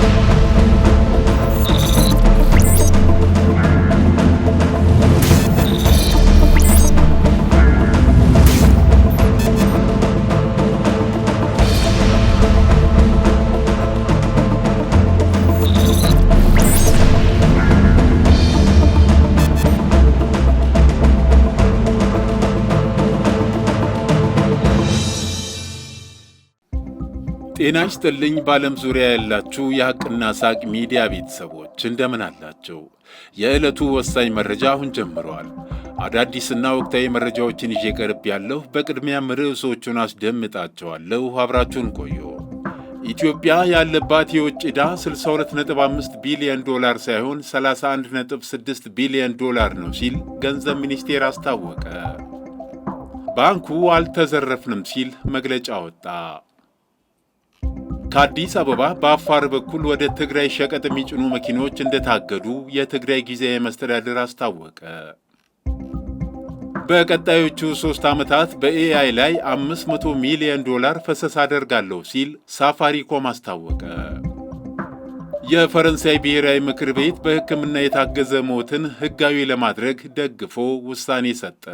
Thank you. ጤና ይስጥልኝ በዓለም ዙሪያ ያላችሁ የሐቅና ሳቅ ሚዲያ ቤተሰቦች እንደምን አላቸው? የዕለቱ ወሳኝ መረጃ አሁን ጀምረዋል። አዳዲስና ወቅታዊ መረጃዎችን ይዤ ቀርብ ያለሁ። በቅድሚያም ርዕሶቹን አስደምጣቸዋለሁ። አብራችሁን ቆዩ። ኢትዮጵያ ያለባት የውጭ ዕዳ 62.5 ቢሊዮን ዶላር ሳይሆን 31.6 ቢሊዮን ዶላር ነው ሲል ገንዘብ ሚኒስቴር አስታወቀ። ባንኩ አልተዘረፍንም ሲል መግለጫ ወጣ። ከአዲስ አበባ በአፋር በኩል ወደ ትግራይ ሸቀጥ የሚጭኑ መኪኖች እንደታገዱ የትግራይ ጊዜያዊ መስተዳድር አስታወቀ። በቀጣዮቹ ሦስት ዓመታት በኤአይ ላይ 500 ሚሊዮን ዶላር ፈሰስ አደርጋለሁ ሲል ሳፋሪኮም አስታወቀ። የፈረንሳይ ብሔራዊ ምክር ቤት በሕክምና የታገዘ ሞትን ሕጋዊ ለማድረግ ደግፎ ውሳኔ ሰጠ።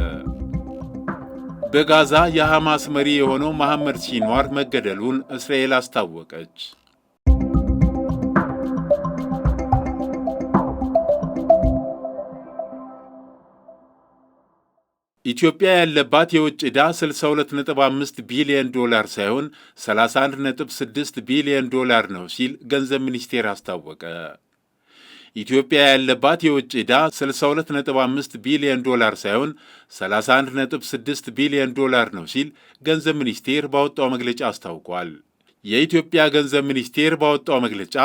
በጋዛ የሐማስ መሪ የሆነው መሐመድ ሲንዋር መገደሉን እስራኤል አስታወቀች። ኢትዮጵያ ያለባት የውጭ ዕዳ 62.5 ቢሊዮን ዶላር ሳይሆን 31.6 ቢሊዮን ዶላር ነው ሲል ገንዘብ ሚኒስቴር አስታወቀ። ኢትዮጵያ ያለባት የውጭ ዕዳ 62.5 ቢሊዮን ዶላር ሳይሆን 31.6 ቢሊዮን ዶላር ነው ሲል ገንዘብ ሚኒስቴር ባወጣው መግለጫ አስታውቋል። የኢትዮጵያ ገንዘብ ሚኒስቴር ባወጣው መግለጫ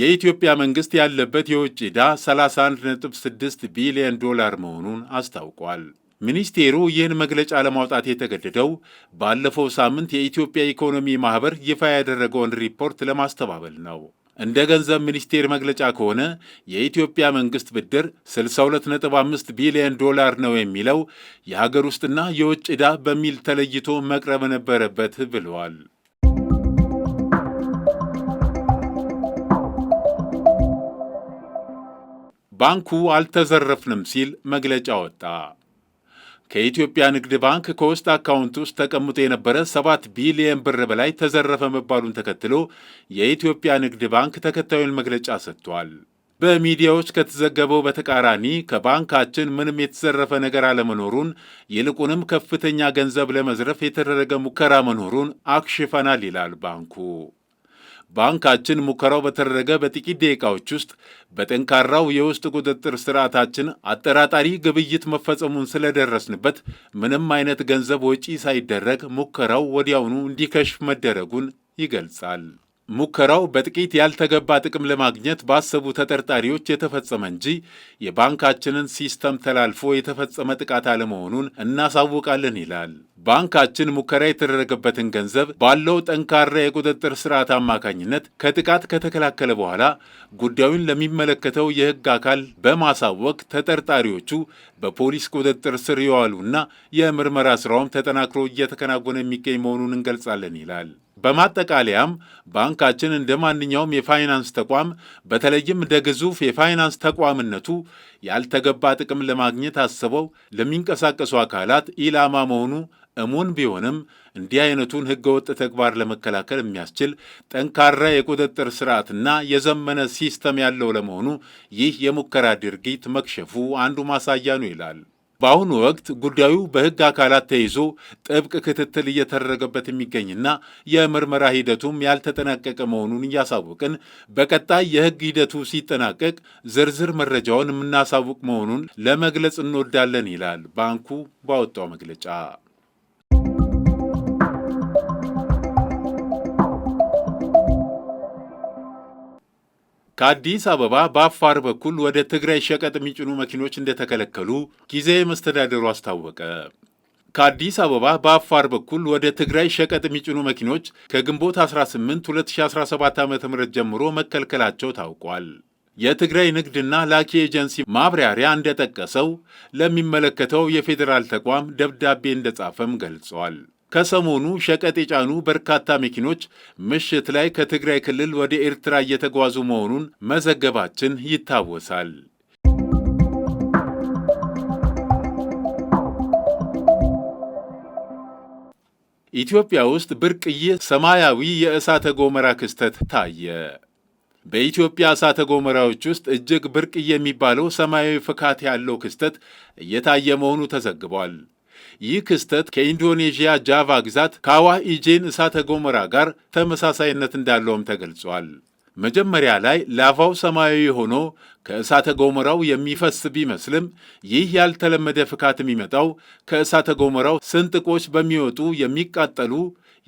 የኢትዮጵያ መንግሥት ያለበት የውጭ ዕዳ 31.6 ቢሊዮን ዶላር መሆኑን አስታውቋል። ሚኒስቴሩ ይህን መግለጫ ለማውጣት የተገደደው ባለፈው ሳምንት የኢትዮጵያ ኢኮኖሚ ማኅበር ይፋ ያደረገውን ሪፖርት ለማስተባበል ነው። እንደ ገንዘብ ሚኒስቴር መግለጫ ከሆነ የኢትዮጵያ መንግስት ብድር 625 ቢሊዮን ዶላር ነው የሚለው የሀገር ውስጥና የውጭ ዕዳ በሚል ተለይቶ መቅረብ ነበረበት ብለዋል። ባንኩ አልተዘረፍንም ሲል መግለጫ ወጣ። ከኢትዮጵያ ንግድ ባንክ ከውስጥ አካውንት ውስጥ ተቀምጦ የነበረ ሰባት ቢሊየን ብር በላይ ተዘረፈ መባሉን ተከትሎ የኢትዮጵያ ንግድ ባንክ ተከታዩን መግለጫ ሰጥቷል። በሚዲያዎች ከተዘገበው በተቃራኒ ከባንካችን ምንም የተዘረፈ ነገር አለመኖሩን ይልቁንም ከፍተኛ ገንዘብ ለመዝረፍ የተደረገ ሙከራ መኖሩን አክሽፈናል ይላል ባንኩ። ባንካችን ሙከራው በተደረገ በጥቂት ደቂቃዎች ውስጥ በጠንካራው የውስጥ ቁጥጥር ስርዓታችን አጠራጣሪ ግብይት መፈጸሙን ስለደረስንበት ምንም አይነት ገንዘብ ወጪ ሳይደረግ ሙከራው ወዲያውኑ እንዲከሽፍ መደረጉን ይገልጻል። ሙከራው በጥቂት ያልተገባ ጥቅም ለማግኘት ባሰቡ ተጠርጣሪዎች የተፈጸመ እንጂ የባንካችንን ሲስተም ተላልፎ የተፈጸመ ጥቃት አለመሆኑን እናሳውቃለን ይላል። ባንካችን ሙከራ የተደረገበትን ገንዘብ ባለው ጠንካራ የቁጥጥር ስርዓት አማካኝነት ከጥቃት ከተከላከለ በኋላ ጉዳዩን ለሚመለከተው የሕግ አካል በማሳወቅ ተጠርጣሪዎቹ በፖሊስ ቁጥጥር ስር የዋሉና የምርመራ ስራውም ተጠናክሮ እየተከናወነ የሚገኝ መሆኑን እንገልጻለን ይላል። በማጠቃለያም ባንካችን እንደ ማንኛውም የፋይናንስ ተቋም በተለይም እንደ ግዙፍ የፋይናንስ ተቋምነቱ ያልተገባ ጥቅም ለማግኘት አስበው ለሚንቀሳቀሱ አካላት ኢላማ መሆኑ እሙን ቢሆንም እንዲህ አይነቱን ህገወጥ ተግባር ለመከላከል የሚያስችል ጠንካራ የቁጥጥር ስርዓትና የዘመነ ሲስተም ያለው ለመሆኑ ይህ የሙከራ ድርጊት መክሸፉ አንዱ ማሳያ ነው ይላል። በአሁኑ ወቅት ጉዳዩ በሕግ አካላት ተይዞ ጥብቅ ክትትል እየተደረገበት የሚገኝና የምርመራ ሂደቱም ያልተጠናቀቀ መሆኑን እያሳወቅን በቀጣይ የሕግ ሂደቱ ሲጠናቀቅ ዝርዝር መረጃውን የምናሳውቅ መሆኑን ለመግለጽ እንወዳለን ይላል ባንኩ ባወጣው መግለጫ። ከአዲስ አበባ በአፋር በኩል ወደ ትግራይ ሸቀጥ የሚጭኑ መኪኖች እንደተከለከሉ ጊዜያዊ መስተዳደሩ አስታወቀ። ከአዲስ አበባ በአፋር በኩል ወደ ትግራይ ሸቀጥ የሚጭኑ መኪኖች ከግንቦት 18 2017 ዓ ም ጀምሮ መከልከላቸው ታውቋል። የትግራይ ንግድና ላኪ ኤጀንሲ ማብራሪያ እንደጠቀሰው ለሚመለከተው የፌዴራል ተቋም ደብዳቤ እንደጻፈም ገልጿል። ከሰሞኑ ሸቀጥ የጫኑ በርካታ መኪኖች ምሽት ላይ ከትግራይ ክልል ወደ ኤርትራ እየተጓዙ መሆኑን መዘገባችን ይታወሳል። ኢትዮጵያ ውስጥ ብርቅዬ ሰማያዊ የእሳተ ገሞራ ክስተት ታየ። በኢትዮጵያ እሳተ ገሞራዎች ውስጥ እጅግ ብርቅዬ የሚባለው ሰማያዊ ፍካት ያለው ክስተት እየታየ መሆኑ ተዘግቧል። ይህ ክስተት ከኢንዶኔዥያ ጃቫ ግዛት ከአዋህ ኢጄን እሳተ ገሞራ ጋር ተመሳሳይነት እንዳለውም ተገልጿል። መጀመሪያ ላይ ላቫው ሰማያዊ ሆኖ ከእሳተ ገሞራው የሚፈስ ቢመስልም ይህ ያልተለመደ ፍካት የሚመጣው ከእሳተ ገሞራው ስንጥቆች በሚወጡ የሚቃጠሉ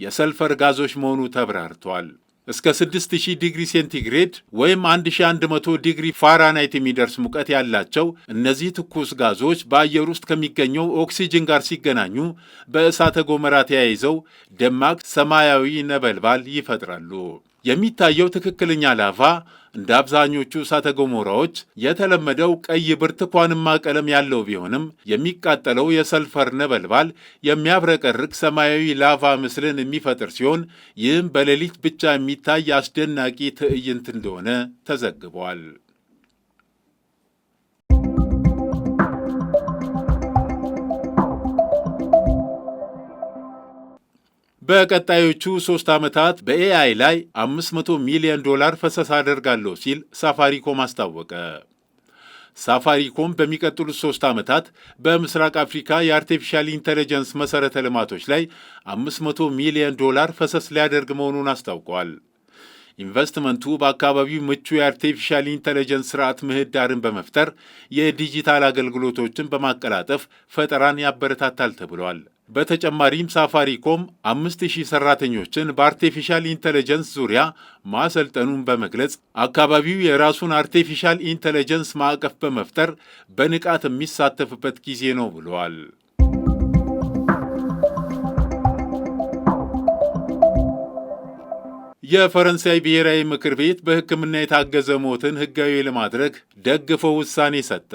የሰልፈር ጋዞች መሆኑ ተብራርቷል። እስከ 6000 ዲግሪ ሴንቲግሬድ ወይም 1100 ዲግሪ ፋራናይት የሚደርስ ሙቀት ያላቸው እነዚህ ትኩስ ጋዞች በአየር ውስጥ ከሚገኘው ኦክሲጅን ጋር ሲገናኙ በእሳተ ጎመራ ተያይዘው ደማቅ ሰማያዊ ነበልባል ይፈጥራሉ። የሚታየው ትክክለኛ ላቫ እንደ አብዛኞቹ እሳተ ገሞራዎች የተለመደው ቀይ ብርቱካንማ ቀለም ያለው ቢሆንም የሚቃጠለው የሰልፈር ነበልባል የሚያብረቀርቅ ሰማያዊ ላቫ ምስልን የሚፈጥር ሲሆን ይህም በሌሊት ብቻ የሚታይ አስደናቂ ትዕይንት እንደሆነ ተዘግቧል። በቀጣዮቹ ሶስት ዓመታት በኤአይ ላይ 500 ሚሊዮን ዶላር ፈሰስ አደርጋለሁ ሲል ሳፋሪኮም አስታወቀ። ሳፋሪኮም በሚቀጥሉት ሶስት ዓመታት በምስራቅ አፍሪካ የአርቲፊሻል ኢንቴሊጀንስ መሠረተ ልማቶች ላይ 500 ሚሊዮን ዶላር ፈሰስ ሊያደርግ መሆኑን አስታውቋል። ኢንቨስትመንቱ በአካባቢው ምቹ የአርቲፊሻል ኢንቴሊጀንስ ስርዓት ምህዳርን በመፍጠር የዲጂታል አገልግሎቶችን በማቀላጠፍ ፈጠራን ያበረታታል ተብሏል። በተጨማሪም ሳፋሪኮም አምስት ሺህ ሰራተኞችን በአርቴፊሻል ኢንተለጀንስ ዙሪያ ማሰልጠኑን በመግለጽ አካባቢው የራሱን አርቴፊሻል ኢንተለጀንስ ማዕቀፍ በመፍጠር በንቃት የሚሳተፍበት ጊዜ ነው ብለዋል። የፈረንሳይ ብሔራዊ ምክር ቤት በሕክምና የታገዘ ሞትን ሕጋዊ ለማድረግ ደግፈው ውሳኔ ሰጠ።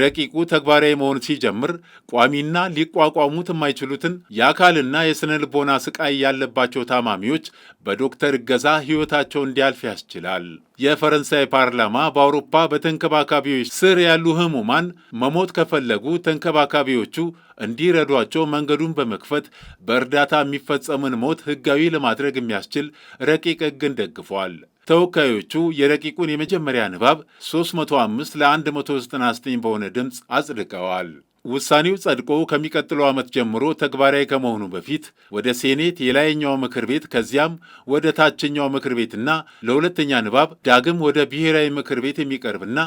ረቂቁ ተግባራዊ መሆን ሲጀምር ቋሚና ሊቋቋሙት የማይችሉትን የአካልና የሥነ ልቦና ስቃይ ያለባቸው ታማሚዎች በዶክተር እገዛ ሕይወታቸው እንዲያልፍ ያስችላል። የፈረንሳይ ፓርላማ በአውሮፓ በተንከባካቢዎች ስር ያሉ ህሙማን መሞት ከፈለጉ ተንከባካቢዎቹ እንዲረዷቸው መንገዱን በመክፈት በእርዳታ የሚፈጸምን ሞት ሕጋዊ ለማድረግ የሚያስችል ረቂቅ ሕግን ደግፏል። ተወካዮቹ የረቂቁን የመጀመሪያ ንባብ 305 ለ199 በሆነ ድምፅ አጽድቀዋል። ውሳኔው ጸድቆ ከሚቀጥለው ዓመት ጀምሮ ተግባራዊ ከመሆኑ በፊት ወደ ሴኔት የላይኛው ምክር ቤት ከዚያም ወደ ታችኛው ምክር ቤትና ለሁለተኛ ንባብ ዳግም ወደ ብሔራዊ ምክር ቤት የሚቀርብና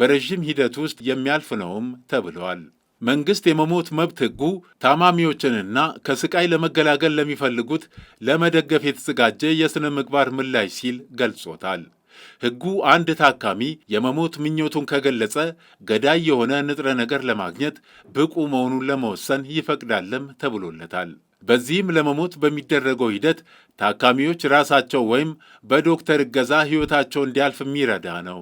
በረዥም ሂደት ውስጥ የሚያልፍ ነውም ተብለዋል። መንግስት የመሞት መብት ሕጉ ታማሚዎችንና ከስቃይ ለመገላገል ለሚፈልጉት ለመደገፍ የተዘጋጀ የሥነ ምግባር ምላሽ ሲል ገልጾታል። ሕጉ አንድ ታካሚ የመሞት ምኞቱን ከገለጸ ገዳይ የሆነ ንጥረ ነገር ለማግኘት ብቁ መሆኑን ለመወሰን ይፈቅዳለም ተብሎለታል። በዚህም ለመሞት በሚደረገው ሂደት ታካሚዎች ራሳቸው ወይም በዶክተር እገዛ ሕይወታቸው እንዲያልፍ የሚረዳ ነው።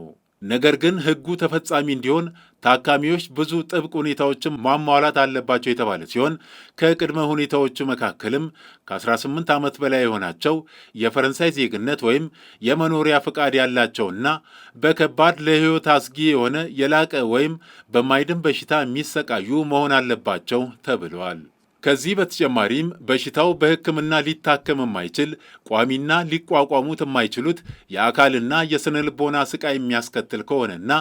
ነገር ግን ህጉ ተፈጻሚ እንዲሆን ታካሚዎች ብዙ ጥብቅ ሁኔታዎችን ማሟላት አለባቸው የተባለ ሲሆን ከቅድመ ሁኔታዎቹ መካከልም ከ18 ዓመት በላይ የሆናቸው የፈረንሳይ ዜግነት ወይም የመኖሪያ ፈቃድ ያላቸውና በከባድ ለህይወት አስጊ የሆነ የላቀ ወይም በማይድን በሽታ የሚሰቃዩ መሆን አለባቸው ተብለዋል። ከዚህ በተጨማሪም በሽታው በሕክምና ሊታከም የማይችል ቋሚና ሊቋቋሙት የማይችሉት የአካልና የስነ ልቦና ስቃይ የሚያስከትል ከሆነና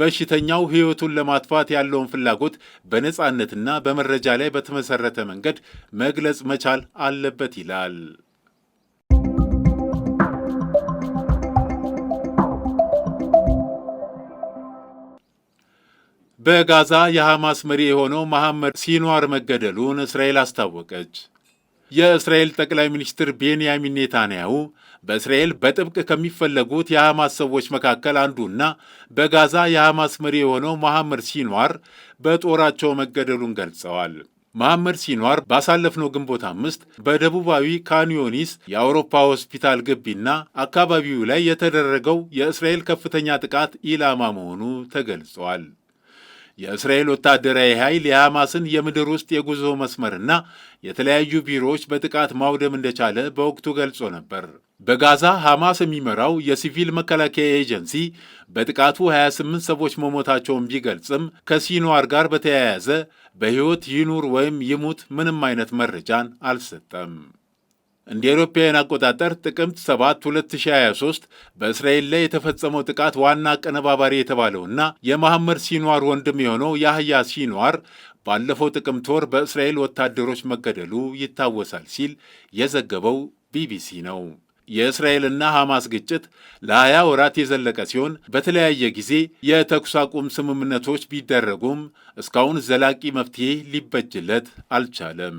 በሽተኛው ሕይወቱን ለማጥፋት ያለውን ፍላጎት በነፃነትና በመረጃ ላይ በተመሰረተ መንገድ መግለጽ መቻል አለበት ይላል። በጋዛ የሐማስ መሪ የሆነው መሐመድ ሲኗር መገደሉን እስራኤል አስታወቀች። የእስራኤል ጠቅላይ ሚኒስትር ቤንያሚን ኔታንያሁ በእስራኤል በጥብቅ ከሚፈለጉት የሐማስ ሰዎች መካከል አንዱና በጋዛ የሐማስ መሪ የሆነው መሐመድ ሲኗር በጦራቸው መገደሉን ገልጸዋል። መሐመድ ሲኗር ባሳለፍነው ግንቦት አምስት በደቡባዊ ካንዮኒስ የአውሮፓ ሆስፒታል ግቢና አካባቢው ላይ የተደረገው የእስራኤል ከፍተኛ ጥቃት ኢላማ መሆኑ ተገልጿል። የእስራኤል ወታደራዊ ኃይል የሐማስን የምድር ውስጥ የጉዞ መስመርና የተለያዩ ቢሮዎች በጥቃት ማውደም እንደቻለ በወቅቱ ገልጾ ነበር። በጋዛ ሐማስ የሚመራው የሲቪል መከላከያ ኤጀንሲ በጥቃቱ 28 ሰዎች መሞታቸውን ቢገልጽም ከሲኗር ጋር በተያያዘ በሕይወት ይኑር ወይም ይሙት ምንም አይነት መረጃን አልሰጠም። እንደ ኤሮፓውያን አቆጣጠር ጥቅምት 7 2023 በእስራኤል ላይ የተፈጸመው ጥቃት ዋና አቀነባባሪ የተባለውና የመሐመድ ሲኗር ወንድም የሆነው ያህያ ሲኗር ባለፈው ጥቅምት ወር በእስራኤል ወታደሮች መገደሉ ይታወሳል ሲል የዘገበው ቢቢሲ ነው። የእስራኤልና ሐማስ ግጭት ለ20 ወራት የዘለቀ ሲሆን በተለያየ ጊዜ የተኩስ አቁም ስምምነቶች ቢደረጉም እስካሁን ዘላቂ መፍትሔ ሊበጅለት አልቻለም።